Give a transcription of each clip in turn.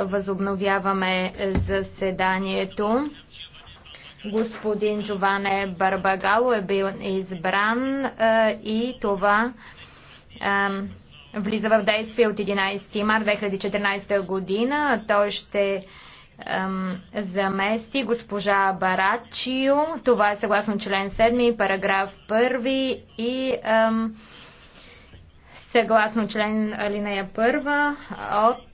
Възобновяваме заседанието. Господин Джоване Барбагало е бил избран и това влиза в действие от 11 март 2014 година. Той ще замести госпожа Барачио. Това е съгласно член 7, параграф 1 и съгласно член алинея първа от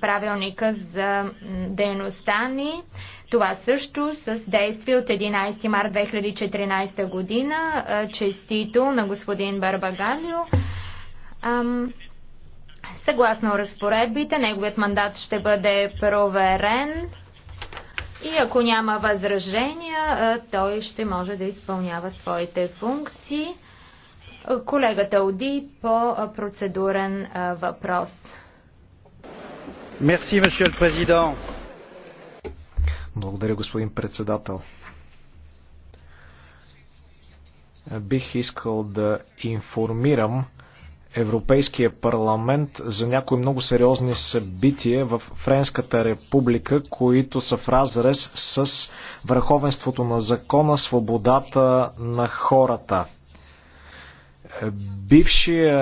правилника за дейността ни. Това също с действие от 11 март 2014 година, честито на господин Барбагалио. Съгласно разпоредбите, неговият мандат ще бъде проверен и ако няма възражения, той ще може да изпълнява своите функции. Колегата Оди по процедурен въпрос. Мерси, месье президент. Благодаря, господин председател. Бих искал да информирам Европейския парламент за някои много сериозни събития в Френската република, които са в разрез с върховенството на закона, свободата на хората бившия